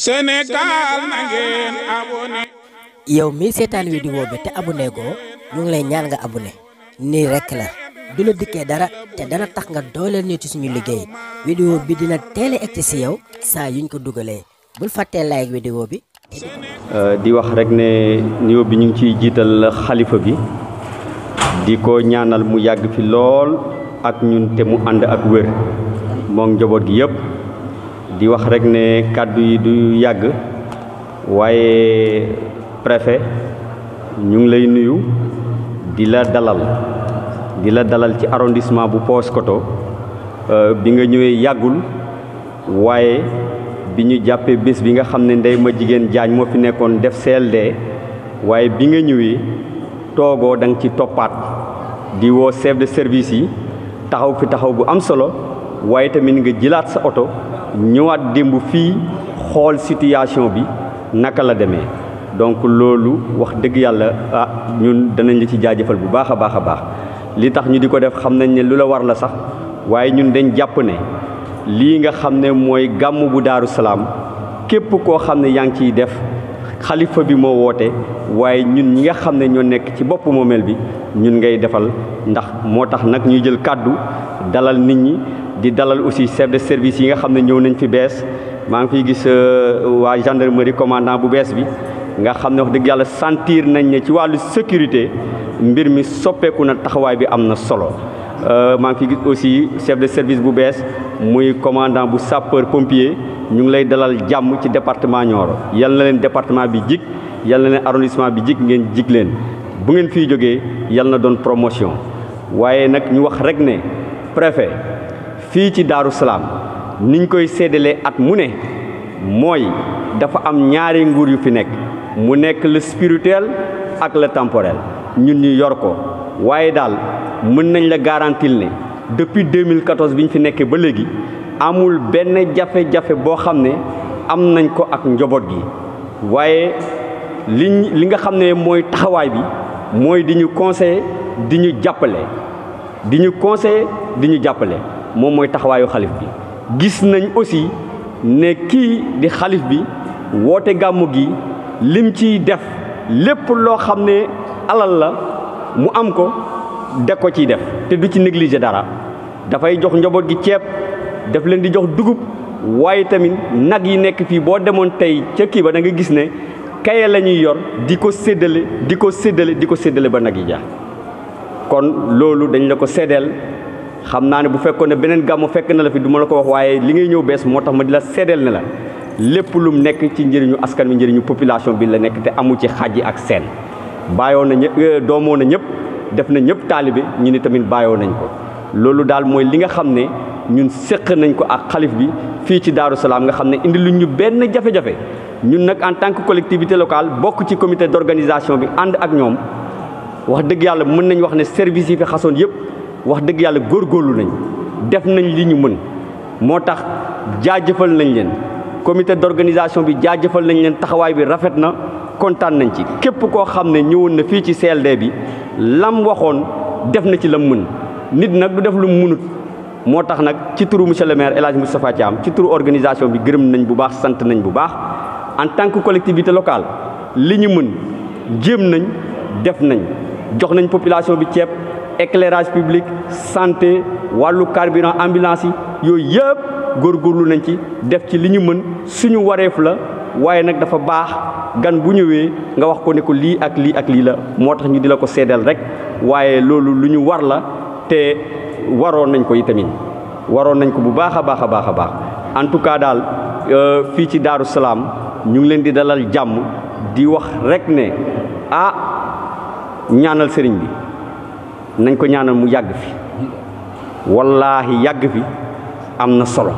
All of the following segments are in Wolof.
Sénégal na ngeen abonné. yow mii seetaan vidéo bi te abu goo ñu ngi lay ñaan nga ne nii rekk la du la dikkee dara te dana tax nga dooleel ñu ci suñu liggéey vidéo bi dina teel egg ci si yow saa yuñ ko dugalee bul fàttee like vidéo bi. Euh, di wax rekk ne nuyoo bi ñu ngi ciy jiital xalifa bi di ko ñaanal mu yàgg fi lool ak ñun te mu ànd ak wér moom njaboot gi yëpp. di wax rek ne kaddu yi du yag waye préfet ñu ngi lay nuyu di la dalal di la dalal ci arrondissement bu pos euh, bi nga ñëwé yagul waye bi ñu jàppee bés bi nga xamné ndey ma jigen kon mo fi nekkon def CLD waye bi nga ñëwé togo dang ci topat di wo chef de service yi taxaw fi taxaw bu am solo waye tamit nga jilat sa auto ñëwaat démb fii xool situation bi naka la demee donc loolu wax dëgg yàlla ah ñun danañ la ci jaajëfal bu baax a baax a baax li tax ñu di ko def xam nañ ne lu la war la sax waaye ñun dañ jàpp ne lii nga xam ne mooy gàmm bu daaru salaam képp koo xam ne yaa ngi ciy def xalifa bi moo woote waaye ñun ñi nga xam ne ñoo nekk ci bopp moomeel bi ñun ngay defal ndax moo tax nag ñuy jël kàddu dalal nit ñi di dalal aussi chef de service yi nga xam ne ñëw nañ fi bees maa ngi fiy gis euh, waa gendarmerie commandant bu bees bi nga xam ne wax dëgg yàlla sentir nañ ne ci wàllu sécurité mbir mi soppeeku na taxawaay bi am na solo euh, maa ngi fi gis aussi chef de service bu bees muy commandant bu sapeur pompier ñu ngi lay dalal jàmm ci département Nioro yal na leen département bi jig yal na leen arrondissement bi jig ngeen jig leen bu ngeen fii jógee yal na doon promotion fii ci Daaru Salaam niñ koy séddalee at mu ne mooy dafa am ñaari nguur yu fi nekk mu nekk le spirituel ak le temporel ñun ñu yor ko waaye daal mën nañ la garantil ne depuis 2014 bi ñu fi nekkee ba léegi amul benn jafe-jafe boo xam ne am nañ ko ak njaboot gi waaye liñ li nga xam ne mooy taxawaay bi mooy di ñu conseiller di ñu jàppale di ñu conseiller di ñu jàppale moom mooy taxawaayu xalif bi gis nañu aussi ne kii di xalif bi woote gàmmu gi lim ciy def lépp loo xam ne alal la mu am ko de ko ciy def te du ci négliger dara dafay jox njaboot gi ceeb daf leen di jox dugub waaye tamit nag yi nekk fii boo demoon tey ca kii ba da nga gis ne kaye lañuy ñuy yor di ko séddale di ko séddale di ko séddale ba nag yi jeex kon loolu dañ la ko seddeel xam naa ne bu fekkoon ne beneen gàmmu fekk na la fi du la ko wax waaye li ngay ñëw bees moo tax ma di la seedeel ne la lépp lum nekk ci njëriñu askan wi njëriñu population bi la nekk te amu ci xàjji ak seen bàyyoon na ñëpp euh, doomoo na ñëpp def na ñëpp taalibe ñu ni tamit bàyyoo nañ ko loolu daal mooy li nga xam ne ñun séq nañ ko ak xalif bi fii ci Daaru Salaam nga xam ne indi lu ñu benn jafe-jafe ñun nag en tant que collectivité locale bokk ci comité d'organisation bi ànd ak ñoom wax dëgg yàlla mën nañ wax ne service yi fi xasoon yëpp wax dëgg yàlla góor góorgóorlu nañ def nañ li ñu mën moo tax jaajëfal nañ leen comité d'organisation bi jaajëfal nañ leen taxawaay bi rafet na kontaan nañ ci képp koo xam ne ñëwul na fii ci CLD bi lam waxoon def na ci lam mën nit nag du def lu mu mënut moo tax nag ci turu monsieur le maire El Hadj Moustapha Thiam ci turu organisation bi gërëm nañ bu baax sant nañ bu baax en tant que collectivité locale li ñu mën jéem nañ def nañ jox nañ population bi ceeb éclairage public santé walu carburant ambulance yi yeb yëpp góorgóorlu nañ ci def ci liñu mën suñu waréf la waye nak dafa bax gan bu ñëwé nga wax ko ne ko li ak li ak li la motax ñu dila ko sédel rek waye lolu luñu war la te waro nañ ko itamin waro nañ ko bu baaxa a baaxa baax en tout cas euh fi ci daru salam ñu ngi leen di dalal jamm di wax rek ne ah ñaanal sëriñ nañ ko ñaanal mu yàgg fi wallaahi yàgg fi am na solo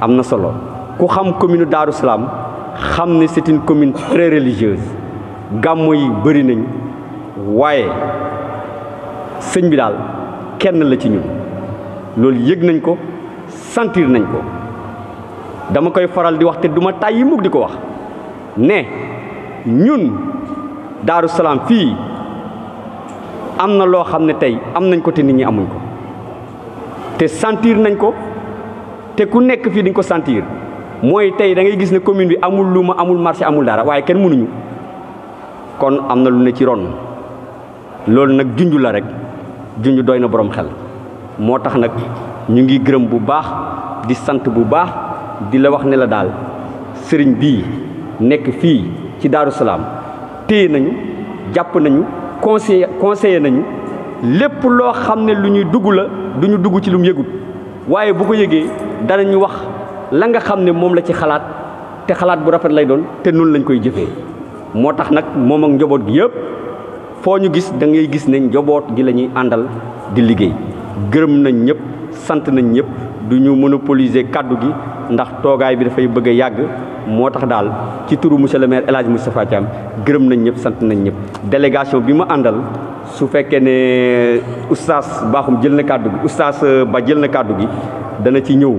am na solo ku xam commune Darou Salam xam ne c'est une commune très religieuse yi bari nañ waaye sëñ bi daal kenn la ci ñun loolu yëg nañ ko santiir nañ ko dama koy faral di wax te duma tàyyi mukk di ko wax ne ñun Darou Salam fii am na loo xam ne tey am nañ ko te nit ñi amuñ ko te sentir nañ ko te ku nekk fii di ko santiir mooy tey da ngay gis ne commune bi amul luuma amul marché amul dara waaye kenn mënuñu kon am na lu ne ci ron loolu nag junj la rek junj doy na borom xel moo tax nag ñu ngi gërëm bu baax di sant bu baax di la wax ne la daal sëriñ bii nekk fii ci Daaru Salaam téye nañu jàpp nañu conseillé conseillé nañu lépp loo xam ne lu ñuy dugg la du ñu dugg ci lu mu yëgut waaye bu ko yëgee danañu wax la nga xam ne moom la ci xalaat te xalaat bu rafet lay doon te noonu lañ koy jëfee moo tax nag moom ak njaboot gi yëpp foo ñu gis da ngay gis ne njoboot gi la ñuy àndal di liggéey gërëm nañ ñëpp sant nañ ñëpp du ñu monopoliser kàddu gi ndax toogaay bi dafay bëgg a yàgg moo tax daal ci turu monsieur le maire El Hadj Moustapha gërëm nañ ñëpp sant nañ ñëpp délégation bi ma àndal su fekkee ne euh, oustaz baaxum jël na kàddu gi oustaz euh, ba jël na kàddu gi dana ci ñëw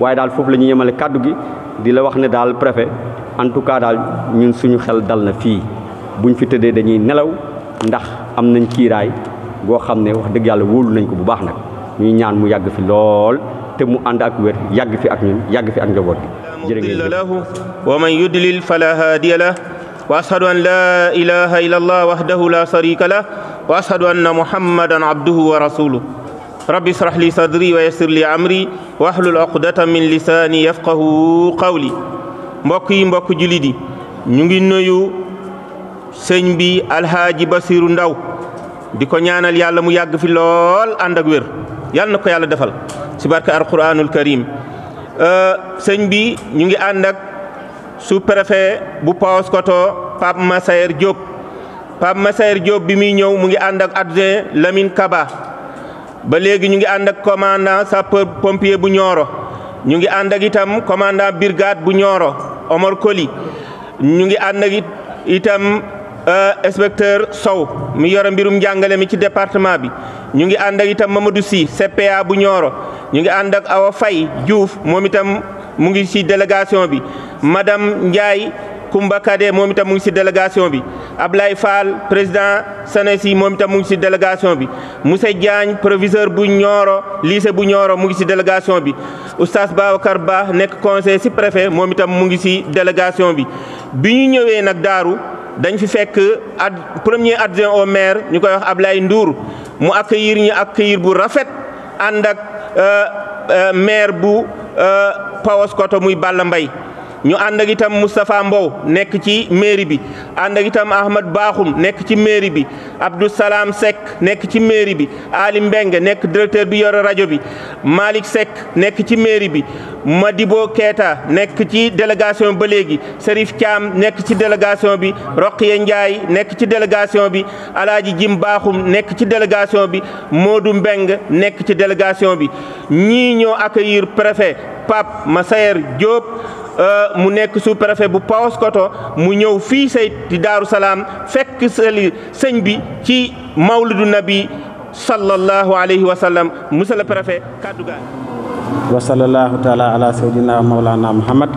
waaye daal foofu la ñu yemale kàddu gi di la wax ne daal préfet en tout cas daal ñun suñu xel dal na fii buñ fi tëddee dañuy nelaw ndax am nañ kiiraay goo xam ne wax dëgg yàlla wóolu nañ ko bu baax nag ñuy ñaan mu yàgg fi lool te mu ànd ak wér yàgg fi ak ñun yàgg fi ak njaboot gi jërë ngeen lahu wa man yudlil fala hadiya lah wa ashhadu an la ilaha illa allah wahdahu la sharika lah wa ashhadu anna muhammadan abduhu wa rasuluhu رب اشرح لي صدري ويسر لي امري واحلل عقدة من لساني يفقه قولي mbokk yi mbokk jullit yi ñu ngi nuyu sëñ bi alxaaji Basiru Ndaw di ko ñaanal yàlla mu yàgg fi lool ànd ak wér yàlla na ko yàlla defal si barke alquranul karim euh, sëñ bi ñu ngi ànd su sous bu bu Paoskoto Pape Massaer Diop Pape Massaer Diop bi muy ñëw mu ngi ànd ak adjoint Lamine Kaba ba léegi ñu ngi ànd ak commandant sapeur pompier bu Nioro ñu ngi ànd ak itam commandant brigade bu ñooro Omar Koli ñu ngi ànd itam Euh, inspecteur Sow mi yore mbirum njàngale mi ci département bi ñu ngi ànd ak itam Mamadou si CPA bu Nioro ñu ngi ànd ak Awa Faye Diouf moom itam mu ngi ci délégation bi madame Ndiaye Koumba Kade moom itam mu ngi si délégation bi Ablaye Fall président Sénési moom itam mu ngi si délégation bi Moussa Diagne proviseur bu Nioro lycée bu Nioro mu ngi si délégation bi oustaz Babacar Ba nekk conseiller si préfet moom itam mu ngi si délégation bi bi ñu ñëwee nag daaru dañ fi fekk ad premier adjoint au maire ñu koy wax Ablaye Ndour mu ñi ak accueillir bu rafet ànd ak euh, euh, maire bu euh, Paoskoto muy Balla Mbaye ñu ànd ak itam Moustapha Mbow nekk ci mairie bi ànd ak itam Ahmad nekk ci mairie bi Abdou Salam Seck nekk ci mairie bi Ali Mbeng nekk directeur bi yore rajo bi Malick Seck nekk ci mairie bi Madibo Keita nekk ci délégation ba léegi Serif Thiam nekk ci délégation bi roq Roqiya Ndiaye nekk ci délégation bi Alaaji Jim baaxum nekk ci délégation bi moodu Mbeng nekk ci délégation bi ñii ñoo accueillir préfet Pape Massayer Diop Euh, mu nekk sous préfet bu Paoskoto mu ñëw fii say di Daaru fekk seli sëñ bi ci mawlidu nabi sallallahu alayhi wa sallam monsieur le préfet kàddu gaa wa sallallahu taala ala sayyidina mawlana muhammad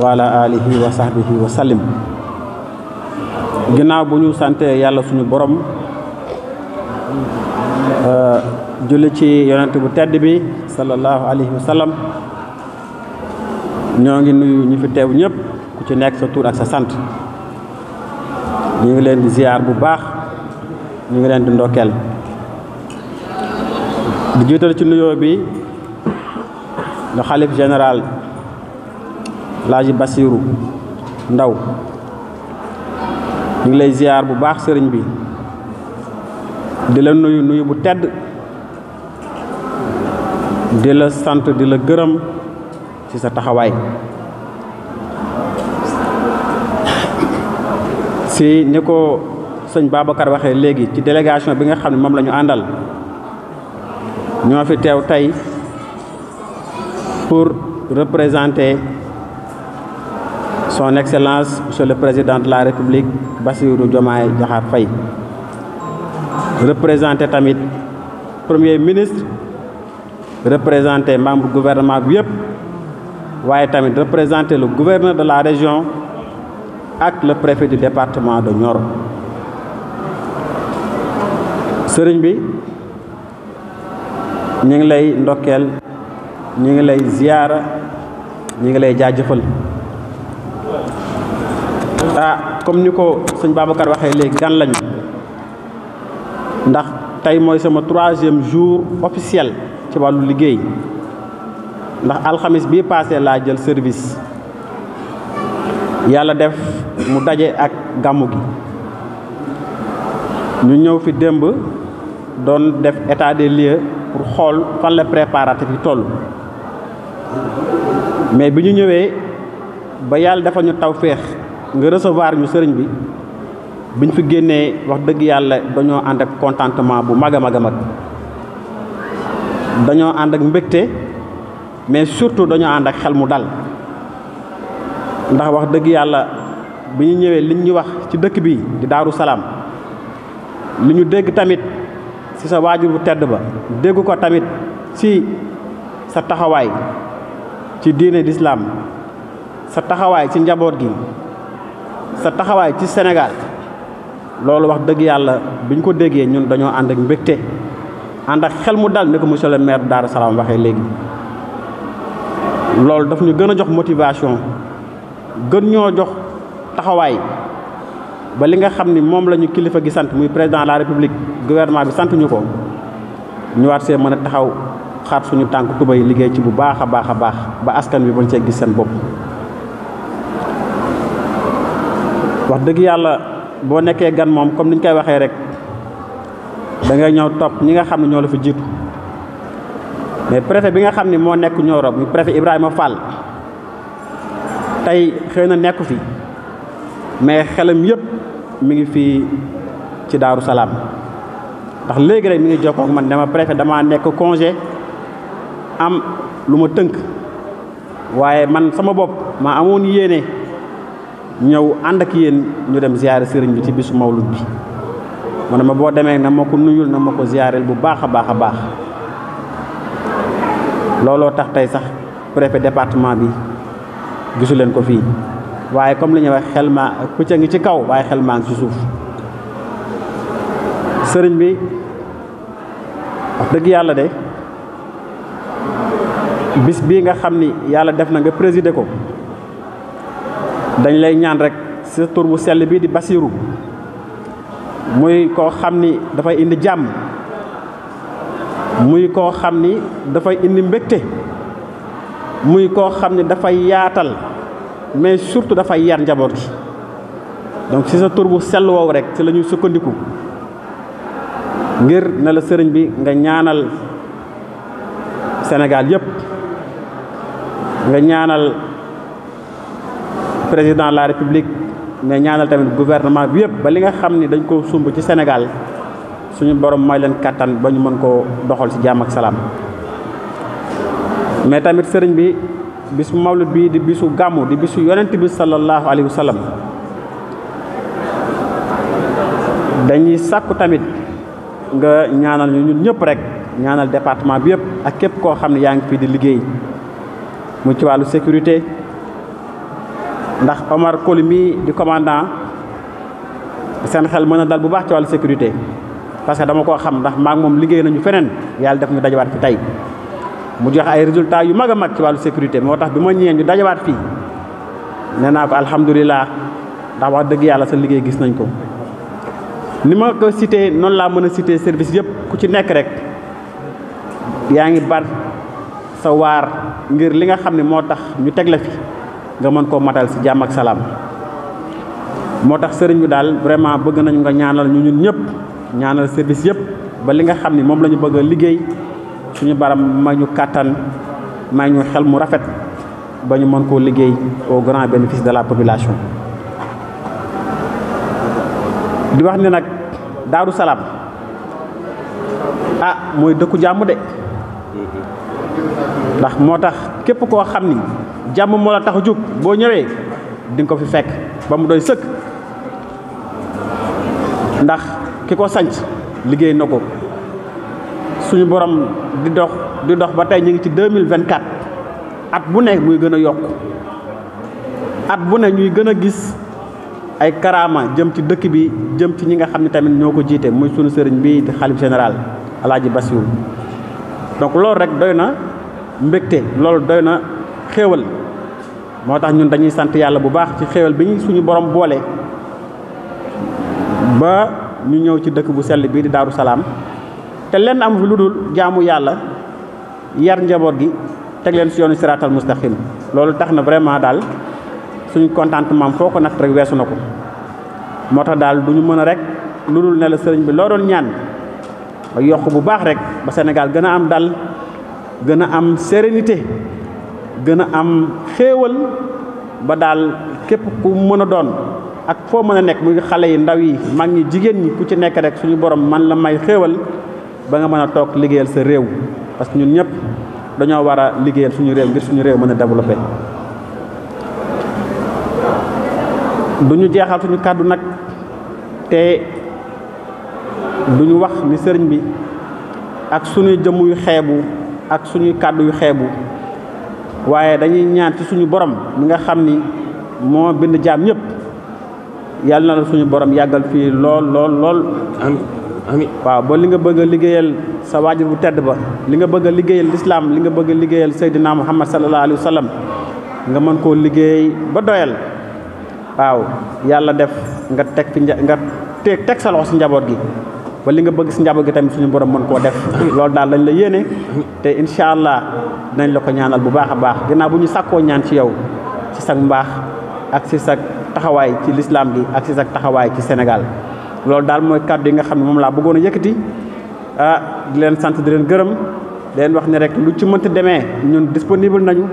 wa ala alihi wa sahbihi wa bu ñu sante yàlla suñu borom euh, julli ci yonent bu tedd bi sallallahu alayhi wa ñoo ngi nuyu ñi fi teew ñëpp ku ci nekk sa tur ak sa sant ñu ngi leen di ziar bu baax ñu ngi leen di ndokkeel di jiital ci nuyoo bi le xalif général Laaji basiiru Ndaw ñu ngi lay ziar bu baax sëriñ bi di la nuyu nuyu bu tedd di la sant di la gërëm ci sa taxaway si nous ko sëñ Babacar waxee léegi ci délégation bi nga xamni mom lañu la ñu fi pour représenter son excellence monsieur le président de la république Bassirou Diomaye jahar Faye représenter tamit premier ministre représenter membre gouvernement bi waaye tamit représenter le gouverneur de la région ak le préfet du département de Nioro sëriñ bi ñu ngi lay ndokkeel ñu ngi lay ziyaara ñu ngi lay jaajëfal ah comme ni ko sëñ Babacar waxee léegi gan lañu ndax tey mooy sama troisième jour officiel ci wàllu liggéey ndax alxamis bii paase laa jël service yàlla def mu daje ak gàmmu gi ñu ñëw fi démb doon def état des lieux pour xool fan la préparatif yi toll mais bi ñu ñëwee ba yàlla dafa ñu taw féex nga recevoir ñu sëriñ bi biñ fi génnee wax dëgg yàlla dañoo ànd ak kontantement bu mag a mag a mag dañoo ànd ak mbégte mais surtout dañoo ànd ak xel mu dal ndax wax dëgg yàlla bi ñu ñëwee li ñu wax ci dëkk bi di Daaru Salaam li ñu dégg tamit si sa waajur bu tedd ba dégg ko tamit si sa taxawaay ci diine lislaam sa taxawaay ci njaboot gi sa taxawaay ci Sénégal loolu wax dëgg yàlla bi ñu ko déggee ñun dañoo ànd ak mbégte ànd ak xel mu dal ni ko monsieur le maire Daaru Salaam waxee léegi loolu daf ñu gën a jox motivation gën ñoo jox taxawaay ba li nga xam ni moom la ñu kilifa gi sant muy président la république gouvernement bi sant ñu ko ñu war see mën a taxaw xaat suñu tànk tubay liggéey ci bu baax a baax a baax ba askan bi bañ see gis seen bopp. wax dëgg yàlla boo nekkee gan moom comme ni ñu koy waxee rek dangay ñëw topp ñi nga xam ne ñoo la fi jiitu. mais préfet bi nga xam ni moo nekk Nioro muy préfet Ibrahima Fall tey xëy na nekku fi mais xelam yëpp mi ngi fii ci Daaru Salaam ndax léegi rek mi ngi jokkoo ak man dama préfet damaa nekk congé am lu ma tënk waaye man sama bopp maa amoon yéene ñëw ànd ak yéen ñu dem ziyaare sëriñ bi ci bisu mawlud bi mu ne ma boo demee na ma ko nuyul na ma ko ziyaareel bu baax a baax a baax looloo tax tey sax préfet département bi gisu leen ko fii waaye comme li ñuy wax xel maa kucca ngi ci kaw waaye xel maa ngi ci suuf sëriñ bi wax dëgg yàlla de bis bii nga xam ni yàlla def na nga présider ko dañ lay ñaan rek sa tur bu sell bii di Basiiru muy koo xam ni dafay indi jàmm muy ko xamni da fay indi muy ko xamni da mais surtout fay yar donc si sa tur bu sell rek ci la ngir na la serigne bi Sénégal yépp président de la république mais ñaanal gouvernement bi ba li nga Sénégal suñu borom may leen katan ko mën ko doxal ci jàmm ak salam mais tamit serigne bi bisu Maulud bi di bisu gamu di bisu yonnati bi sallallahu alaihi wasallam. dañuy sakku tamit nga ñaanal ñu ñun ñëpp rek ñaanal département bi yëpp ak képp koo xam ne yaa ngi fii di liggéey mu ci wàllu sécurité ndax Omar Kolimi di commandant seen xel mën a dal bu baax ci wàllu sécurité parce que dama ko xam ndax mak mom liggey nañu fenen yalla def ñu dajewat fi tay mu jox ay resultat yu maga mak ci walu sécurité motax bima bi ñu dajewat fi nena ko alhamdulilah ndax wax deug yalla sa liggey gis nañ ko. ni ko cité non la mëna cité service yëpp ku ci nekk rek yaangi ngi bar sa war ngir li nga xamni motax ñu teg la fi nga mën ko matal ci jamm ak salam motax serigne bi dal vraiment bëgg nañ nga ñaanal ñu ñun ñëpp. ñaanal service yëpp ba li nga xam ni moom la ñu bëgg liggéey suñu baram may ñu kàttan may ñu xel mu rafet ba ñu mën koo liggéey au grand bénéfice de la population di wax ni nag Daaru Salaam ah mooy dëkku jàmm de ndax moo tax képp koo xam ni jàmm moo la tax a jóg boo ñëwee di ko fi fekk ba mu doy sëkk ndax ki ko sanc liggéey na ko suñu borom di dox di dox ba tey ñu ngi ci deux mille vingt quatre at bu ne muy gën a yokk at bu ne ñuy gën a gis ay karaama jëm ci dëkk bi jëm ci ñi nga xam ne tamit ñoo ko jiite muy sunu sëriñ bi di xalif général alaaji Bassirou donc loolu rek doy na mbégte loolu doy na xéewal moo tax ñun dañuy sant yàlla bu baax ci xéewal bi suñu borom boole ba ñu ñëw ci dëkk bu sell bii di daaru salaam te lenn amu lu dul jaamu yàlla yar njaboot gi teg leen si yoonu siraatal mustaqim loolu tax na vraiment daal suñu contentement foo ko natt rek weesu na ko moo tax daal du ñu mën a rek lu dul ne la sëriñ bi loo doon ñaan yokk bu baax rek ba Sénégal gën a am dal gën a am sérénité gën a am xéewal ba daal képp ku mën a doon ak fo meuna nek muy xalé yi ndaw yi mag ñi jigen ñi ku ci nek rek suñu borom man la may xewal ba nga meuna tok toog liggéeyal sa réew parce ñun ñep wara suñu réew ngir suñu réew meuna duñu jéxal suñu kaddu nak te duñu wax ni sëriñ bi ak suñu jëm yu xébu ak suñu kaddu yu xébu waaye dañuy ñaan ci suñu borom nga xamni mo bind jam ñep yalla na la suñu borom yagal fi lol lol lol ami wa ba li nga bëgg ligéyal sa waajur bu tedd ba li nga bëgg ligéyal l'islam li nga bëgg ligéyal sayyidina muhammad sallallahu alaihi wasallam nga man ko ligéy ba doyal waaw yalla def nga tek fi nga tek sa loxo si njaboot gi ba li nga bëgg ci njabot gi tam suñu borom man ko def lol dal lañ la yéné té inshallah dañ la ko ñaanal bu baaxa baax ginnaaw buñu sakko ñaan ci yow ci sag mbax ak ci sag taxawaay ci lislaam gi ak ci sa taxawaay ci Sénégal loolu daal mooy kàddu yi nga xam ne moom laa bëggoon a yëkkati ah di leen sant di leen gërëm di leen wax ne rek lu ci mënti demee ñun disponible nañu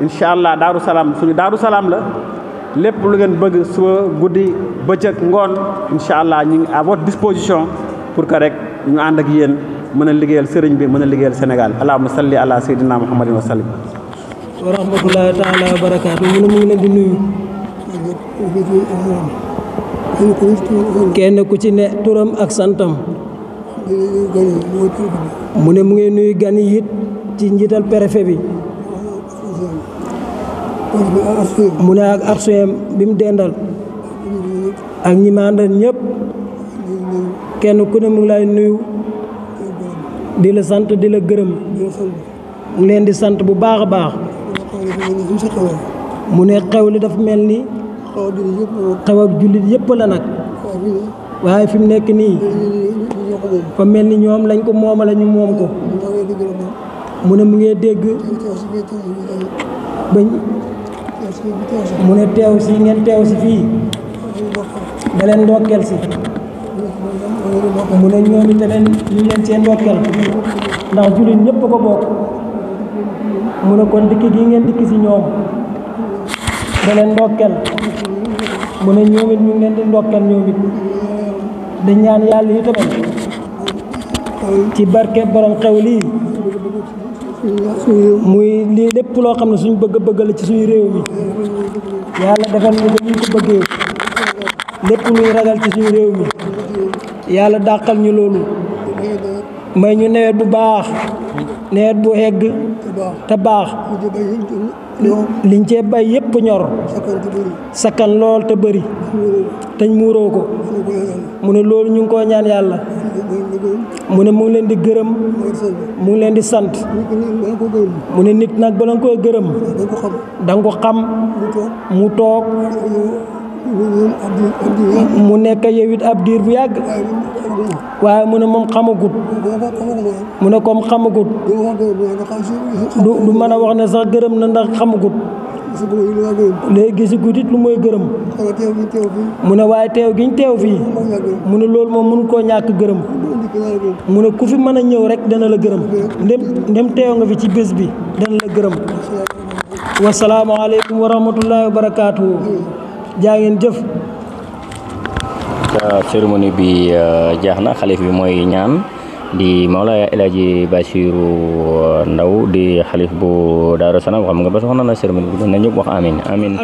incha allah daaru salaam suñu daaru salaam la lépp lu ngeen bëgg suba guddi bëccëg ngoon incha allah ñu ngi à disposition pour que rek ñu ànd ak yéen mën a liggéeyal sëriñ bi mën a liggéeyal Sénégal allahumma salli ala sayyidina muhammadin wa sallim wa mu ne mu ngi leen kenn ku ci ne turam ak santam. mu ne mu ngi nuyu gan yi ci njiital préfet bi. mu ne ak arsuem bi mu dendal. ak ñi ma ñëpp. kenn ku ne mu ngi lay nuyu. di la sant di la gërëm. mu leen di sant bu baax a baax. mu ne xew li dafa mel ni. xew ak jullit yépp la nag waaye fi mu nekk nii fa mel ni ñoom lañ ko mooma la ñu moom ko mu ne mu ngee dégg bañ mu ne teew si ngeen teew si fii da leen ndokkeel si mu ne ñoomi te leen seen ndokkeel ndax jullit ñëpp ko bokk mu ne kon dikki gi ngeen dikki si ñoom da leen ndokkeel mu ne ñoom it ñu leen di ndokkeel ñoom it ñaan yàlla yi tamit ci barke borom xew lii muy lii lépp loo xam ne suñ bëgg-bëgg la ci suñu réew mi yàlla defal ñu ko ñu ko bëggee lépp muy ragal ci suñu réew mi yàlla dàqal ñu loolu may ñu nawet bu baax nawet bu egg te baax liñ ci bay yépp ñor sakkan lool te bëri teñ muuroo ko mu ne mulen ñu ngi ñaan yàlla mu ne mu ngi leen di gërëm mu ngi leen di sant mu ne nit nag bala nga koy gërëm da nga ko xam mu toog mu nekk yow ab diir bu yàgg waaye mu ne moom xamagut mu ne comme xamagut du du mën a wax ne sax gërëm na ndax xamagut léegi gisagut it lu mooy gërëm mu ne waaye teew giñ teew fii mu ne loolu moom mënu koo ñàkk gërëm mu ne ku fi mën a ñëw rek dana la gërëm ndem ndem teew nga fi ci bés bi dana la gërëm wasalaamaaleykum wa rahmatullahi wa barakaatu. jaa ngeen jëf. Euh, cérémonie bi euh, jeex na xalif bi mooy ñaan di Mawlaaya El Hadji Bassirou euh, Ndaw di xalif bu Daaru Salaam xam nga ba a na cérémonie bi na ñëpp wax amin amin